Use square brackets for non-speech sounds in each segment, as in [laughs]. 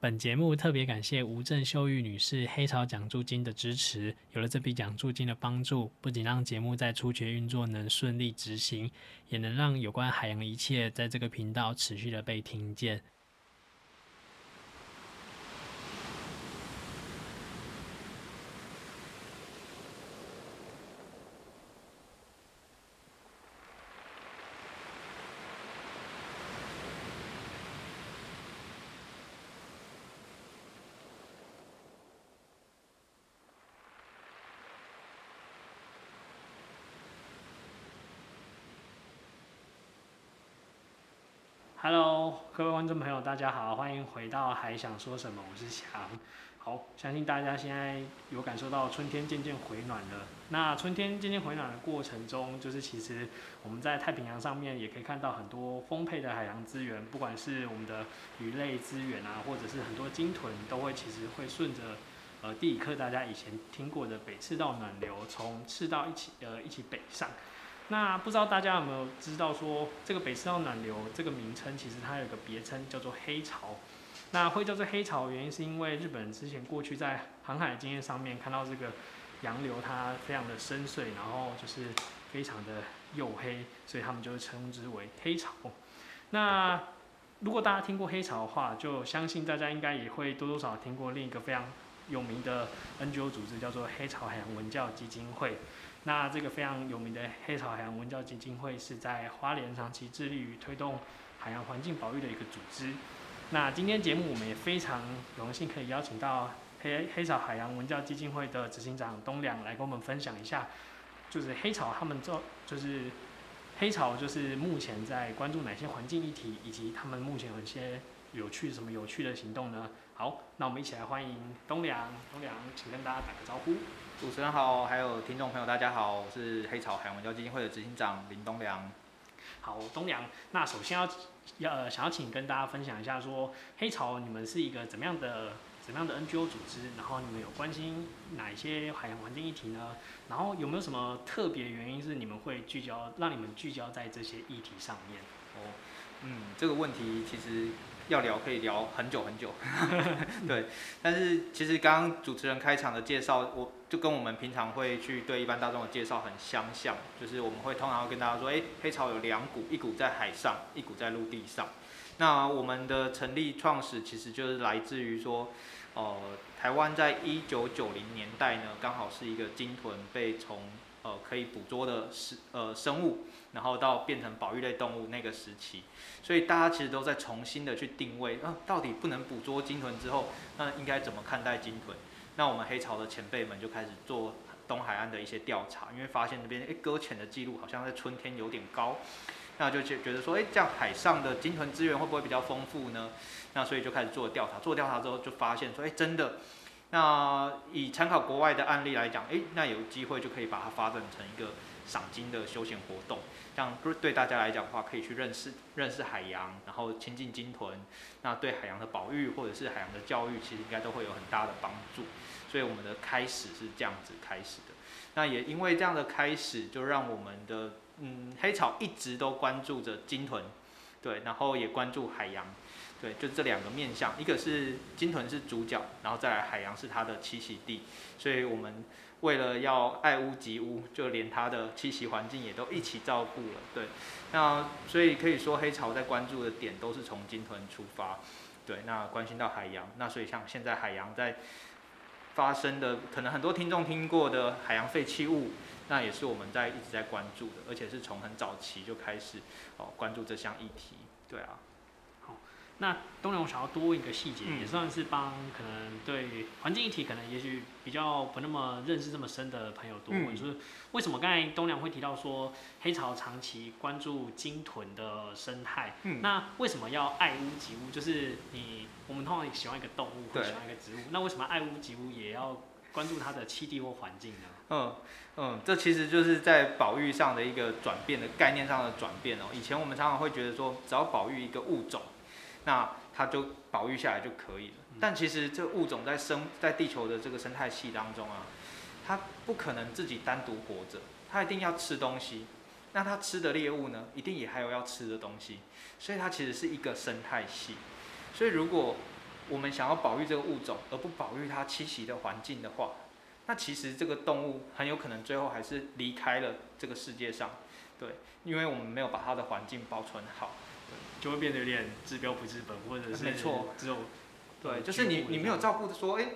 本節目特別感謝吳正秀玉女士黑潮獎助金的支持。有了這筆獎助金的幫助，不僅讓節目在初學運作能順利執行，也能讓有關海洋一切在這個頻道持續的被聽見。各位觀眾朋友，大家好，歡迎回到《海想說什麼》，我是翔。好，相信大家現在有感受到春天漸漸回暖了。那春天漸漸回暖的過程中，就是其實我們在太平洋上面也可以看到很多豐沛的海洋資源，不管是我們的魚類資源啊，或者是很多鯨豚，都會其實會順着呃地理課大家以前聽過的北赤道暖流，從赤道一起呃一起北上。那不知道大家有沒有知道說，這個北赤道暖流這個名稱，其實它有個別稱叫做黑潮。那會叫做黑潮的原因是因為日本之前過去在航海經驗上面看到這個洋流，它非常的深邃，然後就是非常的黝黑，所以他們就稱之為黑潮。那如果大家聽過黑潮的話，就相信大家應該也會多多少少聽過另一個非常有名的 NGO 組織，叫做黑潮海洋文教基金會。那這個非常有名的黑潮海洋文教基金會是在花蓮長期致力於推動海洋環境保育的一個組織。那今天節目我們也非常榮幸可以邀請到黑黑潮海洋文教基金會的執行長東良來跟我們分享一下，就是黑潮他們做，就是黑潮就是目前在關注哪些環境議題，以及他們目前有一些有趣什麼有趣的行動呢？好，那我們一起來歡迎東良，東良，請跟大家打個招呼。主持人好，還有聽眾朋友，大家好，我是黑潮海洋文教基金會的執行長林東良。好，東良，那首先要、呃，想要請跟大家分享一下說，說黑潮你們是一個怎麼樣的怎麼樣的 NGO 組織，然後你們有關心哪一些海洋環境議題呢？然後有沒有什麼特別的原因，是你們會聚焦，讓你們聚焦在這些議題上面？哦，嗯，這個問題其實。要聊可以聊很久很久， [laughs] 對。但是其實剛剛主持人開場的介紹，我就跟我們平常會去對一般大眾的介紹很相像，就是我們會通常會跟大家說，誒、欸，黑潮有兩股，一股在海上，一股在陸地上。那我們的成立創始其實就是來自於說，呃，台灣在一九九零年代呢，剛好是一個鯨豚被從呃，可以捕捉的是呃生物，然後到變成保育類動物那個時期，所以大家其實都在重新的去定位啊，到底不能捕捉鯨豚之後，那應該怎麼看待鯨豚？那我們黑潮的前輩們就開始做東海岸的一些調查，因為發現那邊誒擱淺的記錄好像在春天有點高，那就覺得說誒，這樣海上的鯨豚資源會不會比較豐富呢？那所以就開始做調查，做調查之後就發現說誒，真的。那以參考國外的案例來講，誒，那有機會就可以把它發展成一個賞鯨的休閒活動，這樣對大家來講的話，可以去認識認識海洋，然後親近鯨豚，那對海洋的保育或者是海洋的教育，其實應該都會有很大的幫助。所以我們的開始是這樣子開始的。那也因為這樣的開始，就讓我們的嗯黑潮一直都關注着鯨豚，對，然後也關注海洋。對，就這兩個面向，一個是鯨豚是主角，然後再來海洋是它的棲息地，所以我們為了要愛屋及烏，就連它的棲息環境也都一起照顧了。對，那所以可以說黑潮在關注的點都是從鯨豚出發，對，那關心到海洋，那所以像現在海洋在發生的，可能很多聽眾聽過的海洋廢棄物，那也是我們在一直在關注的，而且是從很早期就開始哦關注這項議題。對啊。那東良，我想要多問一個細節，嗯，也算是幫可能對環境議題可能也許比較不那麼認識這麼深的朋友多問，嗯，就是為什麼剛才東良會提到說黑潮長期關注鯨豚的生態？嗯，那為什麼要愛屋及烏？就是你我們通常喜歡一個動物，會、嗯、喜歡一個植物，那為什麼愛屋及烏也要關注它的棲地或環境呢？嗯嗯，這其實就是在保育上的一個轉變的概念上的轉變哦，喔。以前我們常常會覺得說，只要保育一個物種。那它就保育下來就可以了。但其實這個物種在生在地球的這個生態系當中啊，它不可能自己單獨活着，它一定要吃東西。那它吃的獵物呢，一定也還有要吃的東西。所以它其實是一個生態系。所以如果我們想要保育這個物種，而不保育它棲息的環境的話，那其實這個動物很有可能最後還是離開了這個世界上。對，因為我們沒有把它的環境保存好。就會變得有點治標不治本，或者是只有沒錯，對，就是你你沒有照顧的說，哎，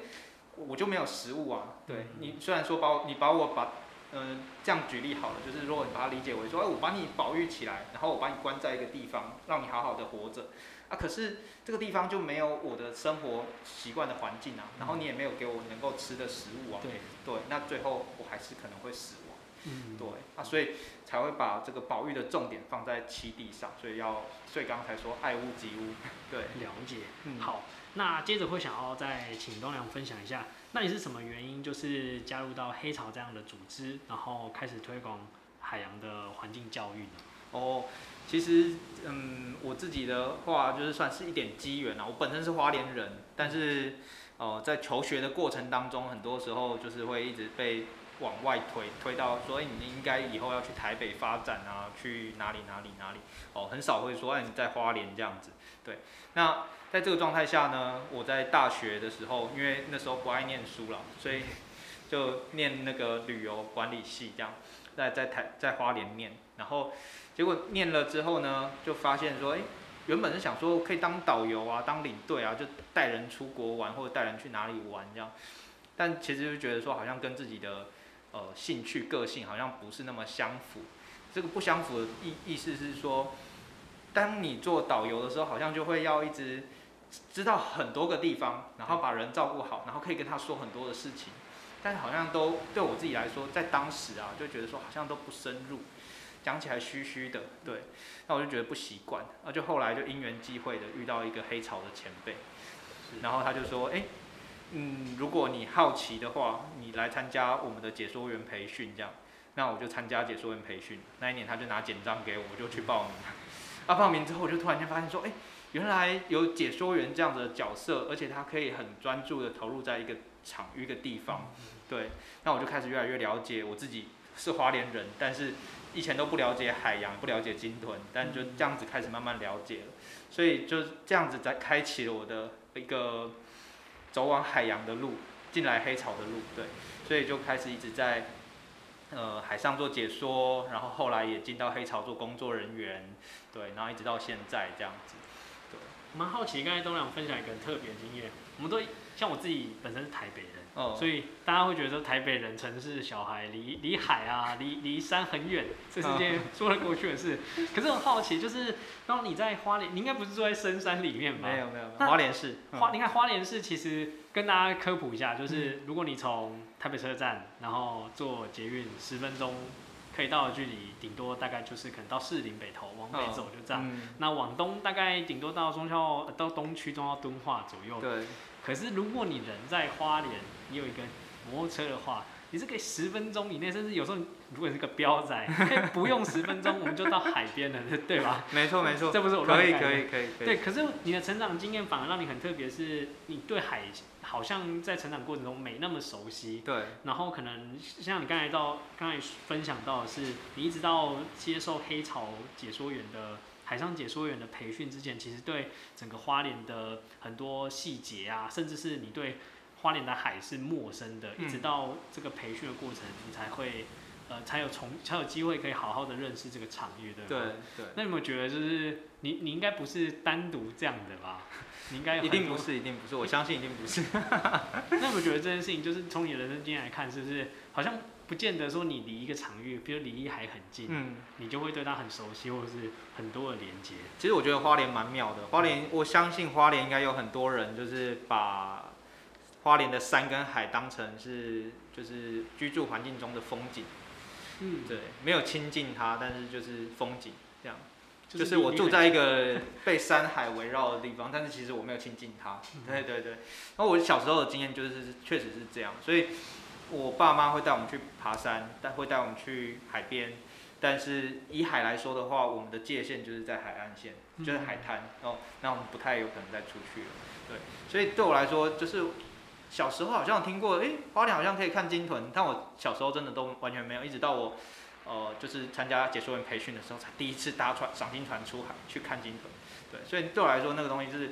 我就沒有食物啊。對，你雖然說把我你把我把，嗯、呃，這樣舉例好了，就是如果你把它理解為說，哎，我把你保育起來，然後我把你關在一個地方，讓你好好的活着啊。可是這個地方就沒有我的生活習慣的環境啊，然後你也沒有給我能夠吃的食物啊。對對，那最後我還是可能會死。嗯，對啊，所以才會把這個保育的重點放在棲地上，所以要，所以剛才說愛屋及烏，對，了解，嗯，好，那接着會想要再請東良分享一下，那你是什麼原因就是加入到黑潮這樣的組織，然後開始推廣海洋的環境教育呢？哦，其實，嗯，我自己的話就是算是一點機緣啦，我本身是花蓮人，但是，哦、呃，在求學的過程當中，很多時候就是會一直被。往外推，推到，所以你應該以後要去台北發展啊，去哪裡哪裡哪裡，哦，很少會說，哎，你在花蓮這樣子，對。那在這個狀態下呢，我在大學的時候，因為那時候不愛念書了，所以就念那個旅遊管理系，這樣，在在台在花蓮念，然後結果念了之後呢，就發現說，欸，原本是想說可以當導遊啊，當領隊啊，就帶人出國玩或者帶人去哪裡玩這樣，但其實就覺得說，好像跟自己的呃，興趣、個性好像不是那麼相符。這個不相符的意意思是說，當你做導遊的時候，好像就會要一直知道很多個地方，然後把人照顧好，然後可以跟他說很多的事情。但是好像都對我自己來說，在當時啊，就覺得說好像都不深入，講起來虛虛的，對。那我就覺得不習慣，那就後來就因緣際會的遇到一個黑潮的前輩，然後他就說，誒、欸……嗯，如果你好奇的話，你來參加我們的解說員培訓這樣，那我就參加解說員培訓。那一年他就拿簡章給我，我就去報名。嗯、啊，報名之後我就突然間發現說，誒，原來有解說員這樣的角色，而且他可以很專注的投入在一個場域、一個地方、嗯。對，那我就開始越來越了解我自己是花蓮人，但是以前都不了解海洋，不了解鯨豚，但就這樣子開始慢慢了解了。所以就這樣子才開啟了我的一個，走往海洋的路，進來黑潮的路，對，所以就開始一直在，呃，海上做解說，然後後來也進到黑潮做工作人員，對，然後一直到現在這樣子，對，蠻好奇，剛才東良分享一個很特別的經驗，嗯，我們都像我自己本身是台北人。Oh. 所以大家會覺得說台北人城市小孩離離海啊，離離山很遠，oh. 這是件說得過去的事。Oh. 可是我很好奇，就是當你在花蓮，你應該不是住在深山裡面吧？沒有沒有，花蓮市。花你看花蓮市，其實跟大家科普一下，就是、嗯、如果你從台北車站，然後坐捷運十分鐘可以到的距離，頂多大概就是可能到士林北投往北走就這樣。Oh. 嗯、那往東大概頂多到忠孝、呃、到東區忠孝敦化左右。對、oh. 可是如果你人在花蓮。Oh. 嗯你有一個摩托車的話，你是可以十分鐘以內，甚至有時候，如果你是個標仔， [laughs] 可以不用十分鐘，我們就到海邊了，對吧？沒錯，沒錯，這不是我亂講。可以，可以，可以。對，可是你的成長經驗反而讓你很特別，是，你對海好像在成長過程中沒那麼熟悉。對。然後可能像你剛才到剛才分享到的是，你一直到接受黑潮解說員的海上解說員的培訓之前，其實對整個花蓮的很多細節啊，甚至是你對。花蓮的海是陌生的，一直到這個培訓的過程，你才會，嗯呃、才有從才有機會可以好好的認識這個場域，對吧？對對。那你有沒有覺得就是你你應該不是單獨這樣的吧？你應該一定不是，一定不是，我相信一定不是。 [laughs] 那你有沒有覺得這件事情就是從你的人生經驗來看，是不是好像不見得說你離一個場域，比如離一海很近，嗯，你就會對它很熟悉，或者是很多的連接？其實我覺得花蓮蠻妙的，花蓮我相信花蓮應該有很多人就是把。花蓮的山跟海當成是就是居住環境中的風景，嗯，對，沒有親近它，但是就是風景這樣，就是我住在一個被山海圍繞的、嗯、的地方，但是其實我沒有親近它。對對對，那我小時候的經驗就是確實是這樣，所以我爸媽會帶我們去爬山，但會帶我們去海邊，但是以海來說的話，我們的界限就是在海岸線，就是海灘、嗯，哦，那我們不太有可能再出去了。對，所以對我來說就是。小時候好像有聽過，哎，欸，花蓮好像可以看鯨豚，但我小時候真的都完全沒有，一直到我，呃，就是參加解說員培訓的時候，才第一次搭船賞鯨船出海去看鯨豚，對，所以對我來說那個東西是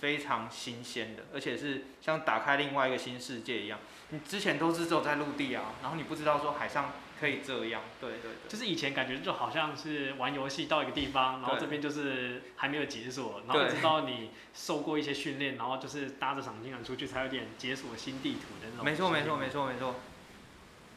非常新鮮的，而且是像打開另外一個新世界一樣，你之前都是走在陸地啊，然後你不知道說海上，可以這樣，對，對對，就是以前感覺就好像是玩遊戲到一個地方，然後這邊就是還沒有解鎖，然後直到你受過一些訓練，然後就是搭着賞鯨船出去，才有點解鎖新地圖的那種。沒錯沒錯沒錯沒錯，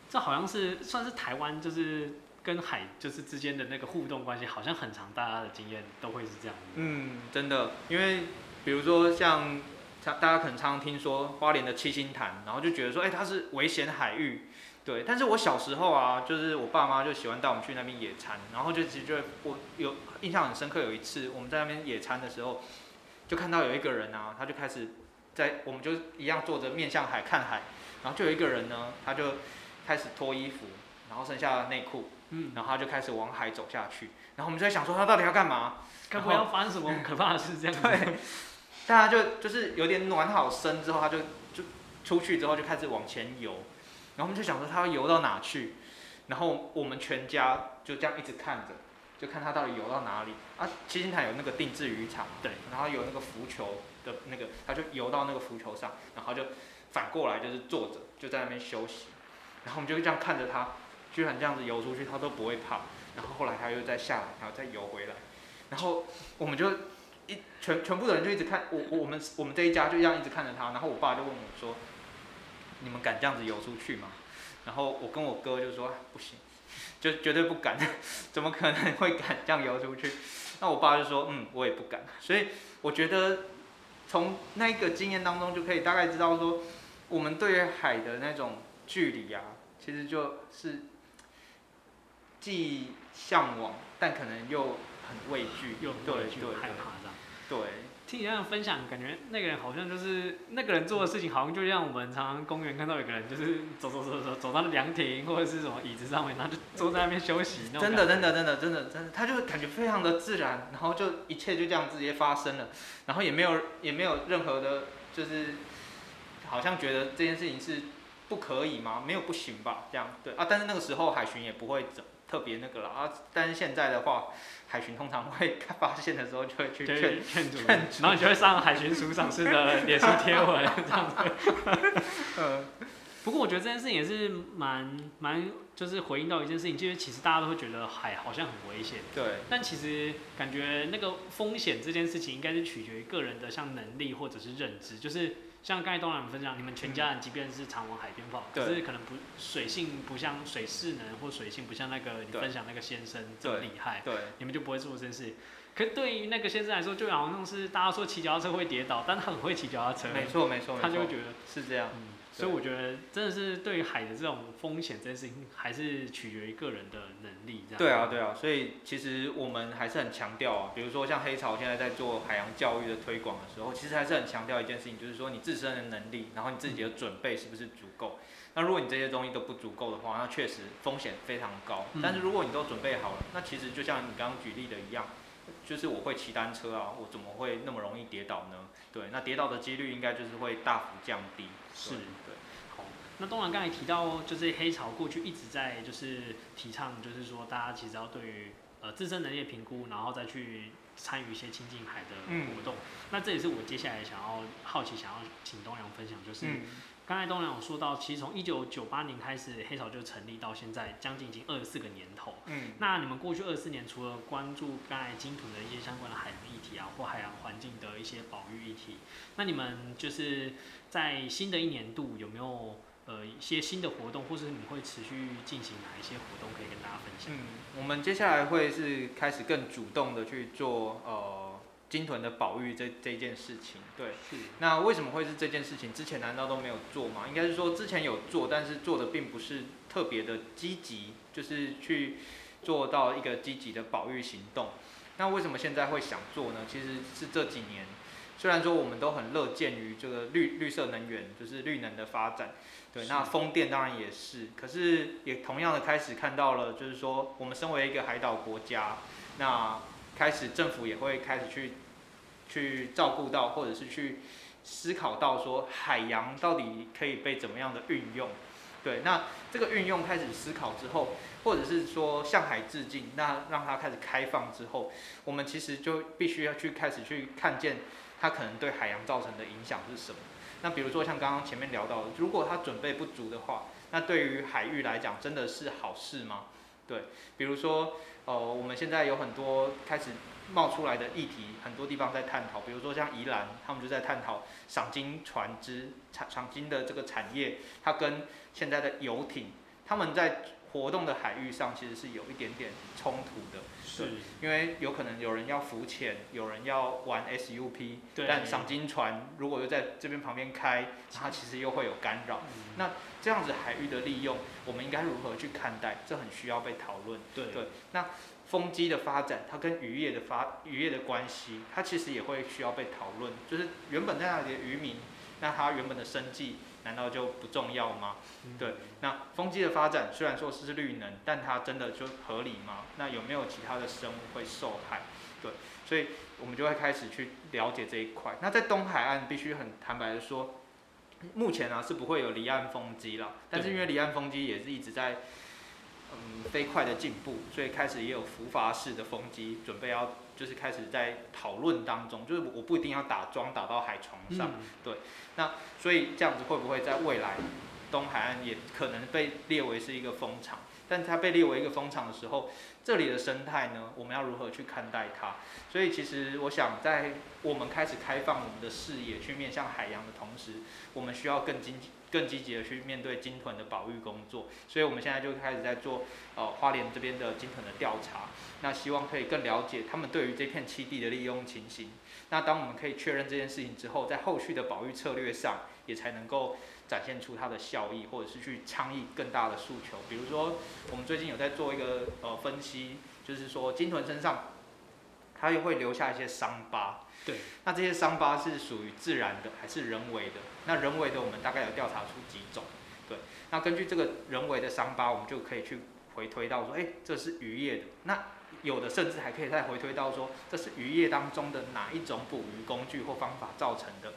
這好像是算是台灣就是跟海就是之間的那個互動關係，好像很常大家的經驗都會是這樣。嗯，真的，因為比如說像，像大家可能常常聽說花蓮的七星潭，然後就覺得說，哎，它是危險海域。對，但是我小時候啊，就是我爸媽就喜歡帶我們去那邊野餐，然後就其實我有印象很深刻，有一次我們在那邊野餐的時候，就看到有一個人啊，他就開始在，我們就一樣坐着面向海看海，然後就有一個人呢，他就開始脫衣服，然後剩下內褲，嗯，然後他就開始往海走下去，然後我們就在想說他到底要幹嘛，幹、啊、嘛要翻什麼可怕的事情？ [laughs] 對，但他就就是有點暖好身之後，他就就出去之後就開始往前游。然後我們就想說他要游到哪去？然後我們全家就這樣一直看着，就看他到底游到哪裡啊。七星潭有那個定置漁場，對，然後有那個浮球的那個，他就游到那個浮球上，然後就反過來就是坐着，就在那邊休息。然後我們就這樣看着他，居然這樣子游出去，他都不會怕。然後後來他又再下來，然後再游回來，然後我們就一全全部的人就一直看我我們我們這一家就這樣一直看着他。然後我爸就問我說。你們敢這樣子游出去嗎？然後我跟我哥就說不行，就絕對不敢。怎麼可能會敢這樣游出去？那我爸就說，嗯，我也不敢。所以我覺得從那個經驗當中就可以大概知道說，我們對於海的那種距離啊，其實就是既向往，但可能又很畏懼，又對對害怕的，對。聽你這樣分享，感覺那個人好像就是那個人做的事情，好像就像我們常常公園看到有個人，就是走走走走走到涼亭或者是什麼椅子上面，然後就坐在那邊休息。 [laughs] 真的真的真的真的真的，他就感覺非常的自然，然後就一切就這樣直接發生了，然後也沒有也沒有任何的，就是好像覺得這件事情是不可以嗎？沒有不行吧？這樣對。啊，但是那個時候海巡也不會走。特別那個了啊。但是現在的話，海巡通常會發現的時候就會去勸勸阻，然後你就會上海巡署長室的臉貼，臉書貼文這樣子，呃。不過我覺得這件事情也是蠻蠻，蠻就是回應到一件事情，就是其實大家都會覺得，海好像很危險。對。但其實感覺那個風險這件事情，應該是取決於個人的，像能力或者是認知，就是。像剛才東良分享，你們全家人即便是常往海邊跑，嗯，可是可能不水性不像水勢能或水性不像那個你分享那個先生這麼厲害。對對，你們就不會做這件事。對，可對於那個先生來說，就好像是大家說騎腳踏車會跌倒，但他很會騎腳踏車，沒錯沒錯，他就會覺得是這樣。嗯所以我覺得真的是對於海的這種風險，真是還是取決於個人的能力。這樣。對啊，對啊。所以其實我們還是很強調啊，比如說像黑潮現在在做海洋教育的推廣的時候，其實還是很強調一件事情，就是說你自身的能力，然後你自己的準備是不是足夠。嗯。那如果你這些東西都不足夠的話，那確實風險非常高。但是如果你都準備好了，那其實就像你剛剛舉例的一樣，就是我會騎單車啊，我怎麼會那麼容易跌倒呢？對，那跌倒的幾率應該就是會大幅降低。是對，好，那東良剛才提到，就是黑潮過去一直在就是提倡，就是說大家其實要對於呃自身能力的評估，然後再去。參與一些親近海的活動，嗯，那這也是我接下來想要好奇，想要請東良分享，就是剛、嗯、才東良有說到，其實從一九九八年開始黑潮就成立到現在，將近已經二十四個年頭。嗯，那你們過去二十四年，除了關注剛才金屯的一些相關的海洋議題啊，或海洋環境的一些保育議題，那你們就是在新的一年度有沒有？呃，一些新的活動，或是你會持續進行哪一些活動，可以跟大家分享？嗯，我們接下來會是開始更主動的去做呃鯨豚的保育這這件事情。對，是。那為什麼會是這件事情？之前難道都沒有做嗎？應該是說之前有做，但是做的並不是特別的積極，就是去做到一個積極的保育行動。那為什麼現在會想做呢？其實是這幾年，雖然說我們都很樂見於這個綠綠色能源，就是綠能的發展。對，那風電當然也是，是，可是也同樣的開始看到了，就是說我們身為一個海島國家，那開始政府也會開始去去照顧到，或者是去思考到說海洋到底可以被怎麼樣的運用。對，那這個運用開始思考之後，或者是說向海致敬，那讓它開始開放之後，我們其實就必須要去開始去看見它可能對海洋造成的影響是什麼。那比如說像剛剛前面聊到的，如果他準備不足的話，那對於海域來講真的是好事嗎？對，比如說，呃，我們現在有很多開始冒出來的議題，很多地方在探討，比如說像宜蘭，他們就在探討賞鯨船隻、賞賞鯨的這個產業，它跟現在的游艇，他們在。活動的海域上其實是有一點點衝突的，是因為有可能有人要浮潛，有人要玩 SUP，但賞鯨船如果又在這邊旁邊開，它其實又會有干擾，嗯。那這樣子海域的利用，嗯、我們應該如何去看待？這很需要被討論。對，那風機的發展，它跟漁業的發漁業的關係，它其實也會需要被討論。就是原本在那裡的漁民。那它原本的生計難道就不重要嗎？對，那風機的發展雖然說是綠能，但它真的就合理嗎？那有沒有其他的生物會受害？對，所以我們就會開始去了解這一塊。那在東海岸，必須很坦白的說，目前啊是不會有離岸風機了。但是因為離岸風機也是一直在嗯飛快的進步，所以開始也有浮筏式的風機準備要。就是開始在討論當中，就是我不一定要打樁打到海床上，嗯，對。那所以這樣子會不會在未來東海岸也可能被列為是一個風場？但它被列為一個風場的時候，這裡的生態呢，我們要如何去看待它？所以其實我想在我們開始開放我們的視野去面向海洋的同時，我們需要更精。更積極的去面對鯨豚的保育工作，所以我們現在就開始在做呃花蓮這邊的鯨豚的調查，那希望可以更了解他們對於這片棲地的利用情形。那當我們可以確認這件事情之後，在後續的保育策略上，也才能夠展現出它的效益，或者是去倡議更大的訴求。比如說，我們最近有在做一個呃分析，就是說鯨豚身上，它也會留下一些傷疤。對，那這些傷疤是屬於自然的還是人為的？那人為的，我們大概有調查出幾種，對。那根據這個人為的傷疤，我們就可以去回推到說，哎、欸，這是漁業的。那有的甚至還可以再回推到說，這是漁業當中的哪一種捕魚工具或方法造成的。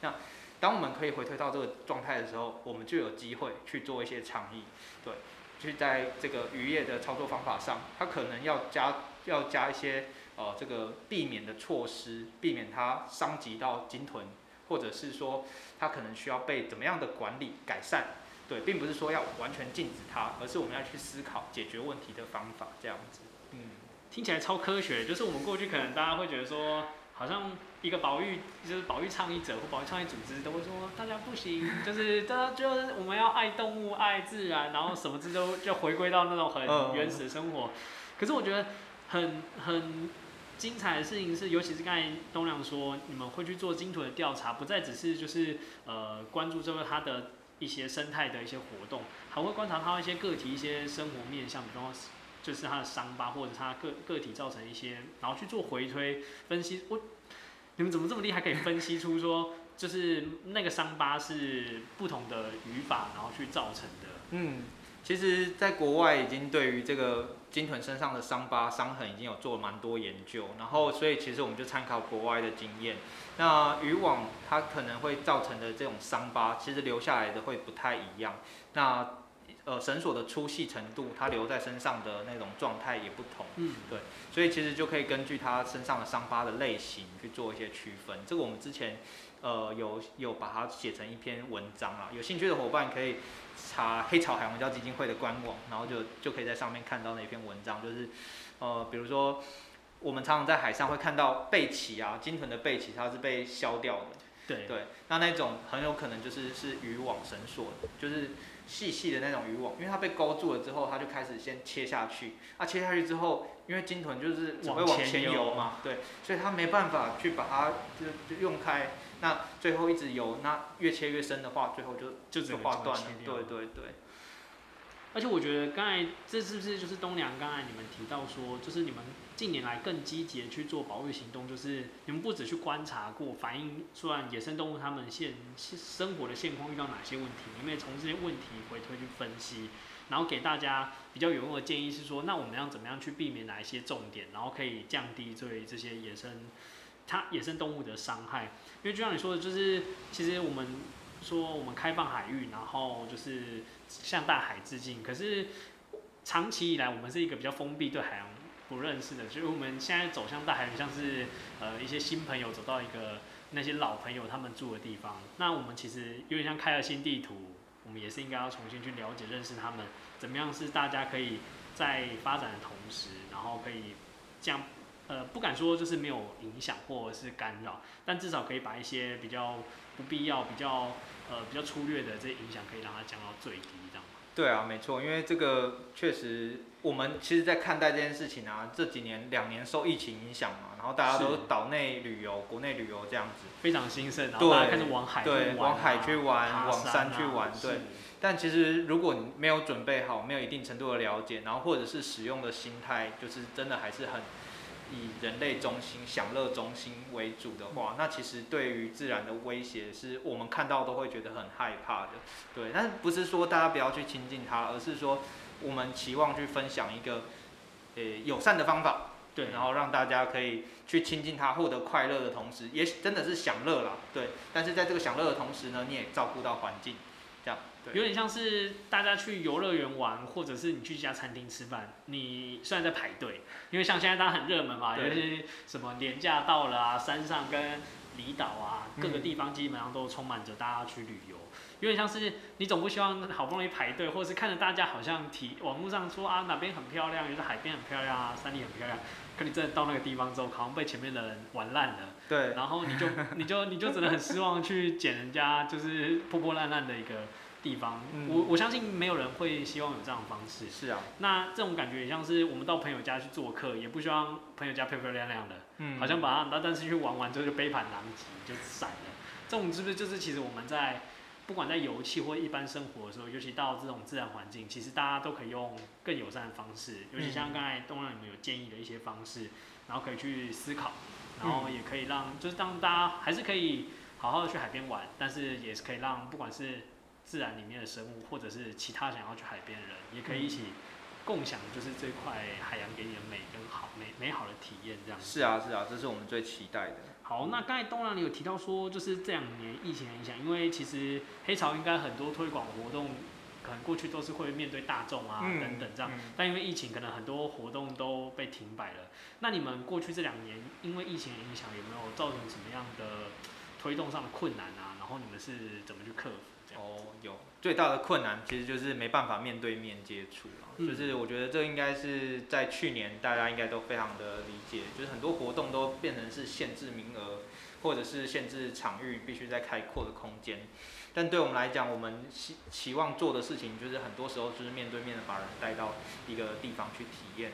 那當我們可以回推到這個狀態的時候，我們就有機會去做一些倡議，對，去在這個漁業的操作方法上，它可能要加要加一些呃這個避免的措施，避免它傷及到鯨豚。或者是說，他可能需要被怎麼樣的管理改善？對，並不是說要完全禁止它，而是我們要去思考解決問題的方法，這樣子。嗯，聽起來超科學。就是我們過去可能大家會覺得說，好像一個保育，就是保育倡議者或保育倡議組織都會說，大家不行，就是大家就是我們要愛動物、愛自然，然後什麼事都就回歸到那種很原始的生活。嗯哦。可是我覺得很很。精彩的事情是，尤其是剛才東亮說，你們會去做鯨豚的調查，不再只是就是呃關注這個它的一些生態的一些活動，還會觀察它一些個體一些生活面向，比方就是它的傷疤或者它個個體造成一些，然後去做回推分析。我、哦、你們怎麼這麼厲害，可以分析出說 [laughs] 就是那個傷疤是不同的漁法，然後去造成的。嗯。其實，在國外已經對於這個鯨豚身上的傷疤、傷痕已經有做了蠻多研究，然後，所以其實我們就參考國外的經驗。那漁網它可能會造成的這種傷疤，其實留下來的會不太一樣。那呃，繩索的粗細程度，它留在身上的那種狀態也不同。嗯，對，所以其實就可以根據它身上的傷疤的類型去做一些區分。這個我們之前。呃，有有把它寫成一篇文章啦，有興趣的夥伴可以查黑潮海洋文教基金會的官網，然後就就可以在上面看到那篇文章，就是呃，比如說我們常常在海上會看到背鰭啊，鯨豚的背鰭它是被削掉的，對對，那那種很有可能就是是漁網繩索，就是。細細的那種漁網，因為它被勾住了之後，它就開始先切下去。它、啊、切下去之後，因為鯨豚就是只會往前游嘛，嘛，對，所以它沒辦法去把它就就用開。那最後一直游，那越切越深的話，最後就就就劃斷了。對對對。而且我覺得剛才這是不是就是東良剛才你們提到說，就是你們近年來更積極的去做保育行動，就是你們不止去觀察過，反映出來野生動物它們現生活的現況遇到哪些問題，你們也從這些問題回推去分析，然後給大家比較有用的建議是說，那我們要怎麼樣去避免哪一些重點，然後可以降低對這些野生它野生動物的傷害。因為就像你說的，就是其實我們說我們開放海域，然後就是向大海致敬，可是長期以來我們是一個比較封閉對海洋。不認識的，就是我們現在走向大海，很像是呃一些新朋友走到一個那些老朋友他們住的地方。那我們其實因為像開了新地圖，我們也是應該要重新去了解認識他們，怎麼樣是大家可以，在發展的同時，然後可以這樣，呃不敢說就是沒有影響或者是干擾，但至少可以把一些比較不必要、比較呃比較粗略的這些影響，可以讓它降到最低這樣。對啊，沒錯，因為這個確實，我們其實，在看待這件事情啊，這幾年兩年受疫情影響嘛，然後大家都島內旅遊、國內旅遊這樣子，非常興盛，對對，開始往海、啊對、往海去玩、啊啊，往山去玩，對。但其實，如果你沒有準備好，沒有一定程度的了解，然後或者是使用的心態，就是真的還是很。以人類中心、享樂中心為主的話，那其實對於自然的威脅是我們看到都會覺得很害怕的。對，但是不是說大家不要去親近它，而是說我們期望去分享一個，誒、欸，友善的方法。對，然後讓大家可以去親近它，獲得快樂的同時，也許真的是享樂啦。對，但是在這個享樂的同時呢，你也照顧到環境。對，有點像是大家去遊樂園玩，或者是你去一家餐廳吃飯，你雖然在排隊，因為像現在大家很熱門嘛，有一些什麼年假到了啊，山上跟離島啊，各個地方基本上都充滿着大家去旅遊。嗯、有點像是你總不希望好不容易排隊，或者是看着大家好像提網絡上說啊哪邊很漂亮，有些海邊很漂亮啊，山裡很漂亮。可你真的到那個地方之後，好像被前面的人玩爛了，對，然後你就你就你就只能很失望去撿人家就是破破爛爛的一個地方。嗯，我我相信沒有人會希望有這樣的方式。是啊，那這種感覺也像是我們到朋友家去做客，也不希望朋友家漂漂亮亮的，嗯，好像把它那，但但是去玩完之後就杯盤狼藉就散了。這種是不是就是其實我們在。不管在遊憩或一般生活的時候，尤其到這種自然環境，其實大家都可以用更友善的方式。尤其像剛才東良你們有建議的一些方式，然後可以去思考，然後也可以讓，就是讓大家還是可以好好的去海邊玩，但是也是可以讓不管是自然裡面的生物，或者是其他想要去海邊的人，也可以一起共享就是這塊海洋給你的美跟好美美好的體驗，這樣子。是啊，是啊，這是我們最期待的。好，那剛才東良你有提到說，就是這兩年疫情的影響，因為其實黑潮應該很多推廣活動，可能過去都是會面對大眾啊等等這樣，嗯嗯、但因為疫情，可能很多活動都被停擺了。那你們過去這兩年因為疫情的影響，有沒有造成什麼樣的推動上的困難啊？然後你們是怎麼去克服？哦、oh，有最大的困難其實就是沒辦法面對面接觸，嗯、就是我覺得這應該是在去年大家應該都非常的理解，就是很多活動都變成是限制名額，或者是限制場域，必須在開闊的空間。但對我們來講，我們希期望做的事情就是很多時候就是面對面的把人帶到一個地方去體驗。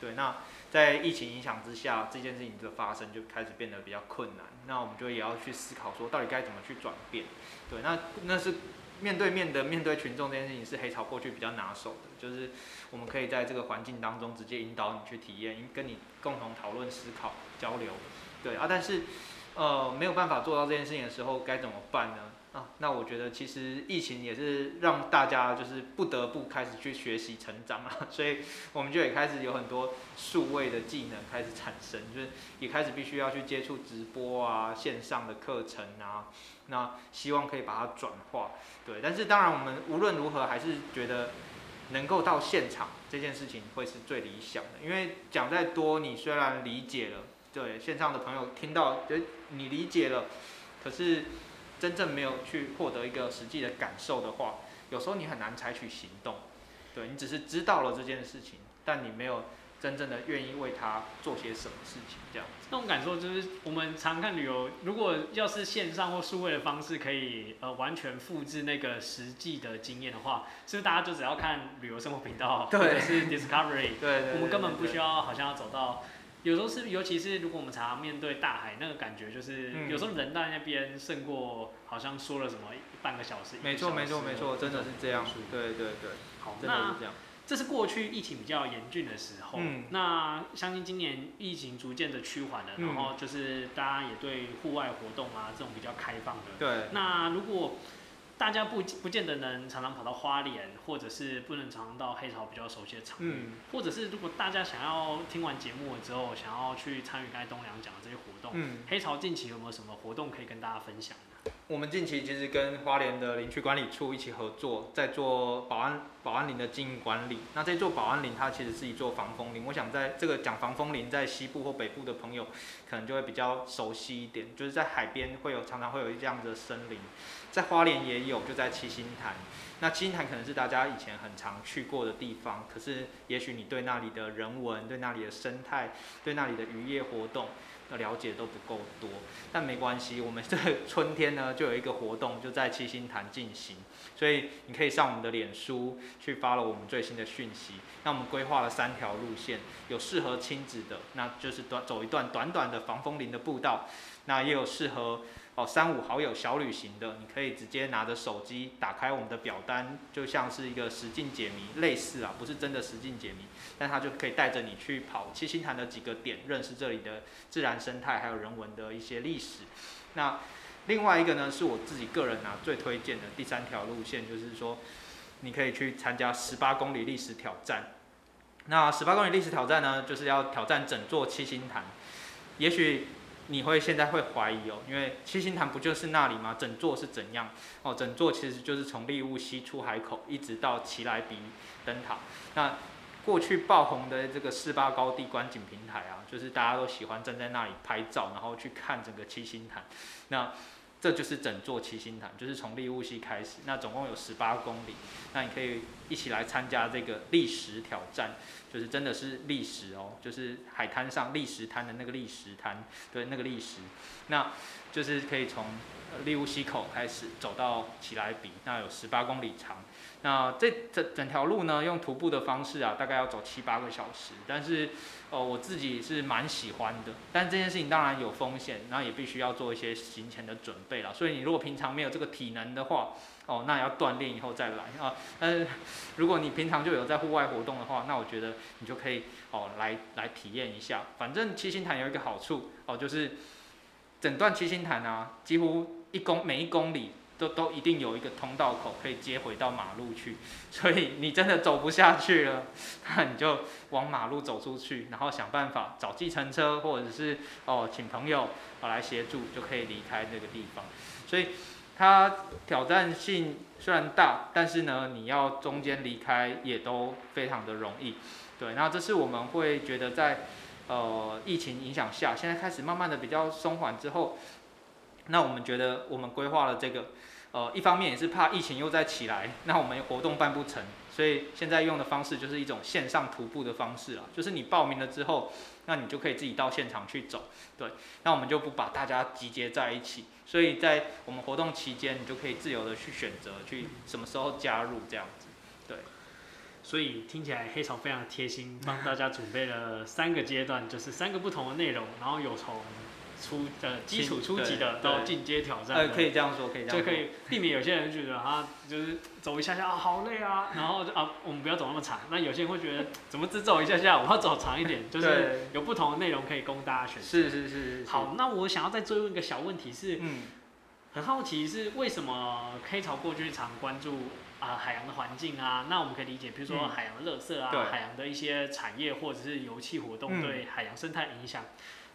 對，那在疫情影響之下，這件事情的發生就開始變得比較困難。那我們就也要去思考說，到底該怎麼去轉變。對，那那是面對面的面對群眾這件事情，是黑潮過去比較拿手的，就是我們可以在這個環境當中直接引導你去體驗，跟跟你共同討論、思考、交流。對啊，但是呃沒有辦法做到這件事情的時候，該怎麼辦呢？啊，那我覺得其實疫情也是讓大家就是不得不開始去學習成長啊。所以我們就也開始有很多數位的技能開始產生，就是也開始必須要去接觸直播啊、線上的課程啊，那希望可以把它轉化。對，但是當然我們無論如何還是覺得能夠到現場這件事情會是最理想的，因為講再多，你雖然理解了，對線上的朋友聽到，就你理解了，可是。真正沒有去獲得一個實際的感受的話，有時候你很難採取行動。對，你只是知道了這件事情，但你沒有真正的願意為他做些什麼事情這，這樣這那種感受就是，我們常看旅遊，如果要是線上或數位的方式可以呃完全複製那個實際的經驗的話，是不是大家就只要看旅遊生活頻道，或者是就是 Discovery，對對，對，對，對對，我們根本不需要好像要走到。有時候是，尤其是如果我們常常面對大海，那個感覺就是，嗯、有時候人在那邊勝過，好像說了什麼半個小時，沒錯沒錯沒錯，真的是這樣，真的是這樣，對對對，好，真的是這樣。這是過去疫情比較嚴峻的時候，嗯、那相信今年疫情逐漸的趨緩了、嗯，然後就是大家也對戶外活動啊這種比較開放的，對，那如果。大家不不見得能常常跑到花蓮，或者是不能常常到黑潮比較熟悉的場、嗯，或者是如果大家想要聽完節目之後，想要去參與該東良講的這些活動、嗯，黑潮近期有沒有什麼活動可以跟大家分享？我們近期其實跟花蓮的林區管理處一起合作，在做保安保安林的經營管理。那這座保安林，它其實是一座防風林。我想在這個講防風林，在西部或北部的朋友可能就會比較熟悉一點，就是在海邊會有常常會有這樣的森林，在花蓮也有，就在七星潭。那七星潭可能是大家以前很常去過的地方，可是也許你對那裡的人文、對那裡的生態、對那裡的漁業活動的了解都不夠多，但沒關係，我們這春天呢就有一個活動就在七星潭進行，所以你可以上我們的臉書去 follow 我們最新的訊息，那我們規劃了三條路線，有適合親子的，那就是短走一段短短的防風林的步道，那也有適合。哦，三五好友小旅行的，你可以直接拿着手機打開我們的表單，就像是一個實境解謎，類似啊，不是真的實境解謎，但它就可以帶着你去跑七星潭的幾個點，認識這裡的自然生態還有人文的一些歷史。那另外一個呢，是我自己個人啊最推薦的第三條路線，就是說你可以去參加十八公里歷史挑戰。那十八公里歷史挑戰呢，就是要挑戰整座七星潭，也許。你會現在會懷疑哦，因為七星潭不就是那裡嗎？整座是怎樣？哦，整座其實就是從立霧溪出海口一直到奇萊鼻燈塔。那過去爆紅的這個四八高地觀景平台啊，就是大家都喜歡站在那裡拍照，然後去看整個七星潭。那這就是整座七星潭，就是從立霧溪開始，那總共有十八公里，那你可以一起來參加這個礫石挑戰，就是真的是礫石哦，就是海灘上礫石灘的那個礫石灘，對，那個礫石，那就是可以從立霧溪口開始走到奇萊鼻，那有十八公里長。那這整整條路呢，用徒步的方式啊，大概要走七八個小時。但是，呃，我自己是蠻喜歡的。但這件事情當然有風險，那也必須要做一些行前的準備啦，所以你如果平常沒有這個體能的話，哦、呃，那要鍛鍊以後再來啊。但是，呃，如果你平常就有在戶外活動的話，那我覺得你就可以哦、呃、來來體驗一下。反正七星潭有一個好處哦、呃，就是整段七星潭啊，幾乎一公每一公里。都都一定有一個通道口可以接回到馬路去，所以你真的走不下去了，那你就往馬路走出去，然後想辦法找計程車，或者是哦、呃、請朋友、呃、來協助，就可以離開這個地方。所以它挑戰性雖然大，但是呢，你要中間離開也都非常的容易。對，那這是我們會覺得在呃疫情影響下，現在開始慢慢的比較鬆緩之後，那我們覺得，我們規劃了這個，呃，一方面也是怕疫情又再起來，那我們活動辦不成，所以現在用的方式就是一種線上徒步的方式啊，就是你報名了之後，那你就可以自己到現場去走，對，那我們就不把大家集結在一起，所以在我們活動期間，你就可以自由地去選擇，去什麼時候加入這樣子，對，所以聽起來非常非常貼心，幫大家準備了三個階段， [laughs] 就是三個不同的內容，然後有從。初的、呃、基礎初級的到進階挑戰、呃，可以這樣說，可以這樣說就可以避免有些人覺得啊，就是走一下下啊，好累啊，然後啊，我們不要走那麼長。那有些人會覺得怎麼只走一下下，我要走長一點，就是有不同的內容可以供大家選擇。是是是，是好，那我想要再追問一個小問題是，是、嗯，很好奇是為什麼黑潮過去常，常關注啊、呃、海洋的環境啊，那我們可以理解，比如說海洋的垃圾啊、嗯，海洋的一些產業或者是油氣活動對海洋生態影響。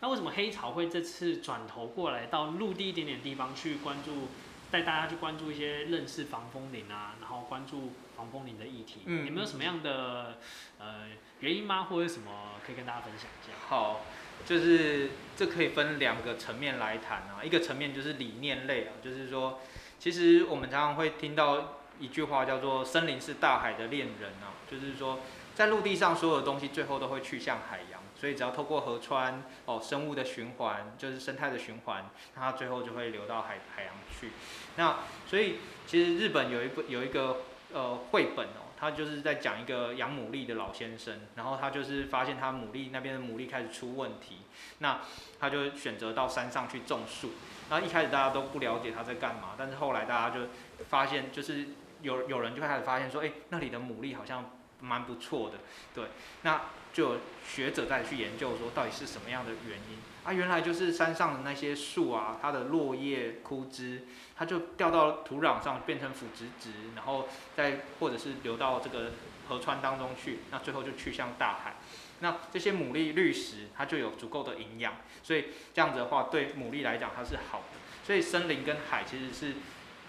那為什麼黑潮會這次轉頭過來到陸地一點點地方去關注，帶大家去關注一些認識防風林啊，然後關注防風林的議題，嗯，有沒有什麼樣的呃原因嗎？或者什麼可以跟大家分享一下？好，就是這可以分兩個層面來談啊，一個層面就是理念類啊，就是說，其實我們常常會聽到一句話叫做“森林是大海的戀人”啊，就是說在陸地上所有的東西最後都會去向海洋。所以只要透過河川哦，生物的循環，就是生態的循環，它最後就會流到海海洋去。那所以其實日本有一本有一個呃繪本哦，它就是在講一個養牡蠣的老先生，然後他就是發現他牡蠣那邊的牡蠣開始出問題，那他就選擇到山上去種樹。那一開始大家都不了解他在幹嘛，但是後來大家就發現，就是有有人就開始發現說，欸，那裡的牡蠣好像。蠻不錯的，對，那就有學者在去研究說，到底是什麼樣的原因啊？原來就是山上的那些樹啊，它的落葉枯枝，它就掉到土壤上變成腐殖質，然後再或者是流到這個河川當中去，那最後就去向大海。那這些牡蠣濾食，它就有足夠的營養，所以這樣子的話，對牡蠣來講它是好的。所以森林跟海其實是。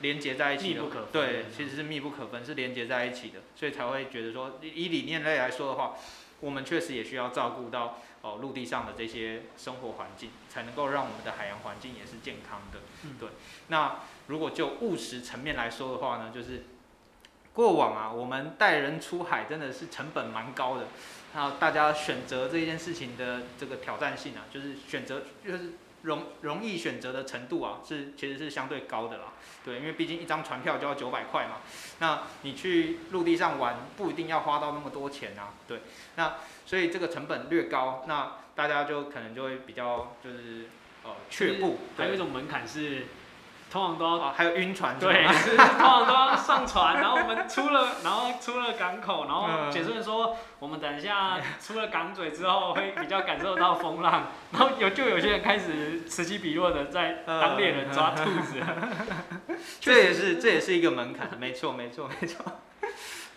連接在一起的，對，其實是密不可分，嗯、是連接在一起的，所以才會覺得說，以理念類來說的話，我們確實也需要照顧到哦，呃、陸地上的這些生活環境，才能夠讓我們的海洋環境也是健康的、嗯。對。那如果就務實層面來說的話呢，就是過往啊，我們帶人出海真的是成本蠻高的，那大家選擇這件事情的這個挑戰性啊，就是選擇就是。容容易選擇的程度啊，是其實是相對高的啦，對，因為畢竟一張船票就要九百塊嘛，那你去陸地上玩不一定要花到那麼多錢啊，對，那所以這個成本略高，那大家就可能就會比較就是呃卻步，還有一種門檻是。往往都要、啊，還有暈船是是對，是往往都要上船， [laughs] 然後我們出了，然後出了港口，然後解說員說，我們等一下出了港嘴之後會比較感受到風浪，然後有就有些人開始此起彼落的在當獵人抓兔子， [laughs] 這也是這也是一個門檻，沒錯沒錯沒錯，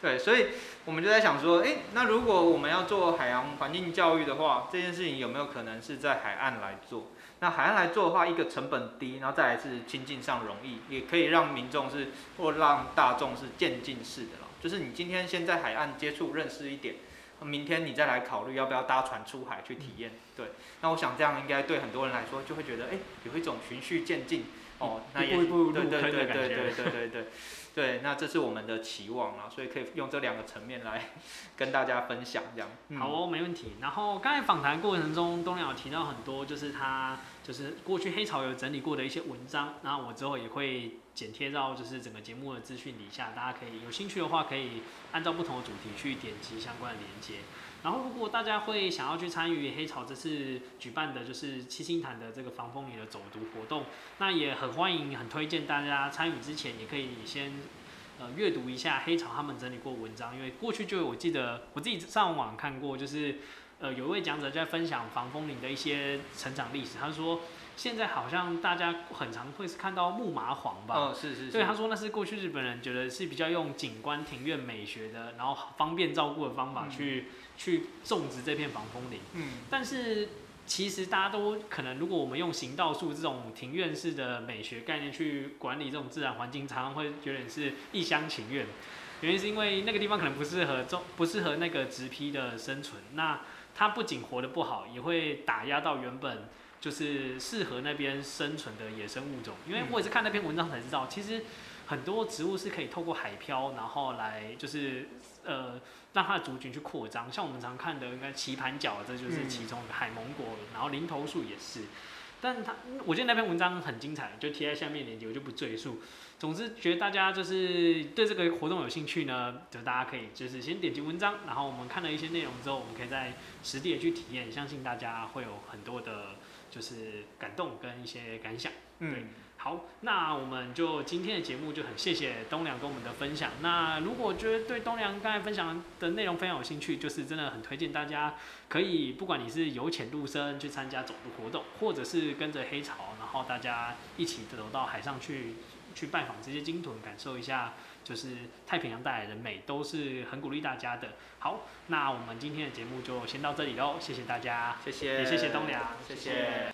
對，所以我們就在想說，哎、欸，那如果我們要做海洋環境教育的話，這件事情有沒有可能是在海岸來做？那海岸來做的話，一個成本低，然後再來是親近上容易，也可以讓民眾是或是讓大眾是漸進式的。就是你今天先在海岸接觸認識一點，明天你再來考慮要不要搭船出海去體驗。嗯、對，那我想這樣應該對很多人來說就會覺得，哎，有一種循序漸進，嗯、哦，一步一步入坑的感覺對對對對對對對。 [laughs] 對，那這是我們的期望啊。所以可以用這兩個層面來 [laughs] 跟大家分享，這樣好哦，沒問題。然後剛才訪談過程中，東良有提到很多，就是他就是過去黑潮有整理過的一些文章，然後我之後也會剪貼到就是整個節目的資訊底下，大家可以有興趣的話，可以按照不同的主題去點擊相關的連接。然後，如果大家會想要去參與黑潮這次舉辦的，就是七星潭的這個防風林的走讀活動，那也很歡迎，很推薦大家參與。之前也可以也先，呃，閱讀一下黑潮他們整理過文章，因為過去就我記得我自己上網看過，就是，呃，有一位講者在分享防風林的一些成長歷史，他說。現在好像大家很常會是看到木麻黃吧？哦、是是，是。所以他說那是過去日本人覺得是比較用景觀庭院美學的，然後方便照顧的方法去、嗯、去種植這片防風林。嗯，但是其實大家都可能，如果我們用行道樹這種庭院式的美學概念去管理這種自然環境，常常會覺得是一廂情願。原因是因為那個地方可能不適合種，不適合那個植批的生存。那它不僅活得不好，也會打壓到原本。就是適合那邊生存的野生物種，因為我也是看那篇文章才知道，嗯、其實很多植物是可以透過海漂，然後來就是呃讓它的族群去擴張。像我們常看的應該棋盤腳，這就是其中一個海芒果，嗯，然後林投樹也是。但它我覺得那篇文章很精彩，就貼在下面連結，我就不贅述。總之，覺得大家就是對這個活動有興趣呢，就大家可以就是先點擊文章，然後我們看了一些內容之後，我們可以在實地也去體驗。相信大家會有很多的。就是感動跟一些感想，對，嗯，好，那我們就今天的節目就很謝謝東良跟我們的分享。那如果覺得對東良剛才分享的內容非常有興趣，就是真的很推薦大家可以，不管你是由淺入深去參加走讀活動，或者是跟着黑潮，然後大家一起走到海上去去拜訪這些鯨豚，感受一下。就是太平洋帶來的美，都是很鼓勵大家的。好，那我們今天的節目就先到這裡嘍，謝謝大家，謝謝，也謝謝東良，謝謝。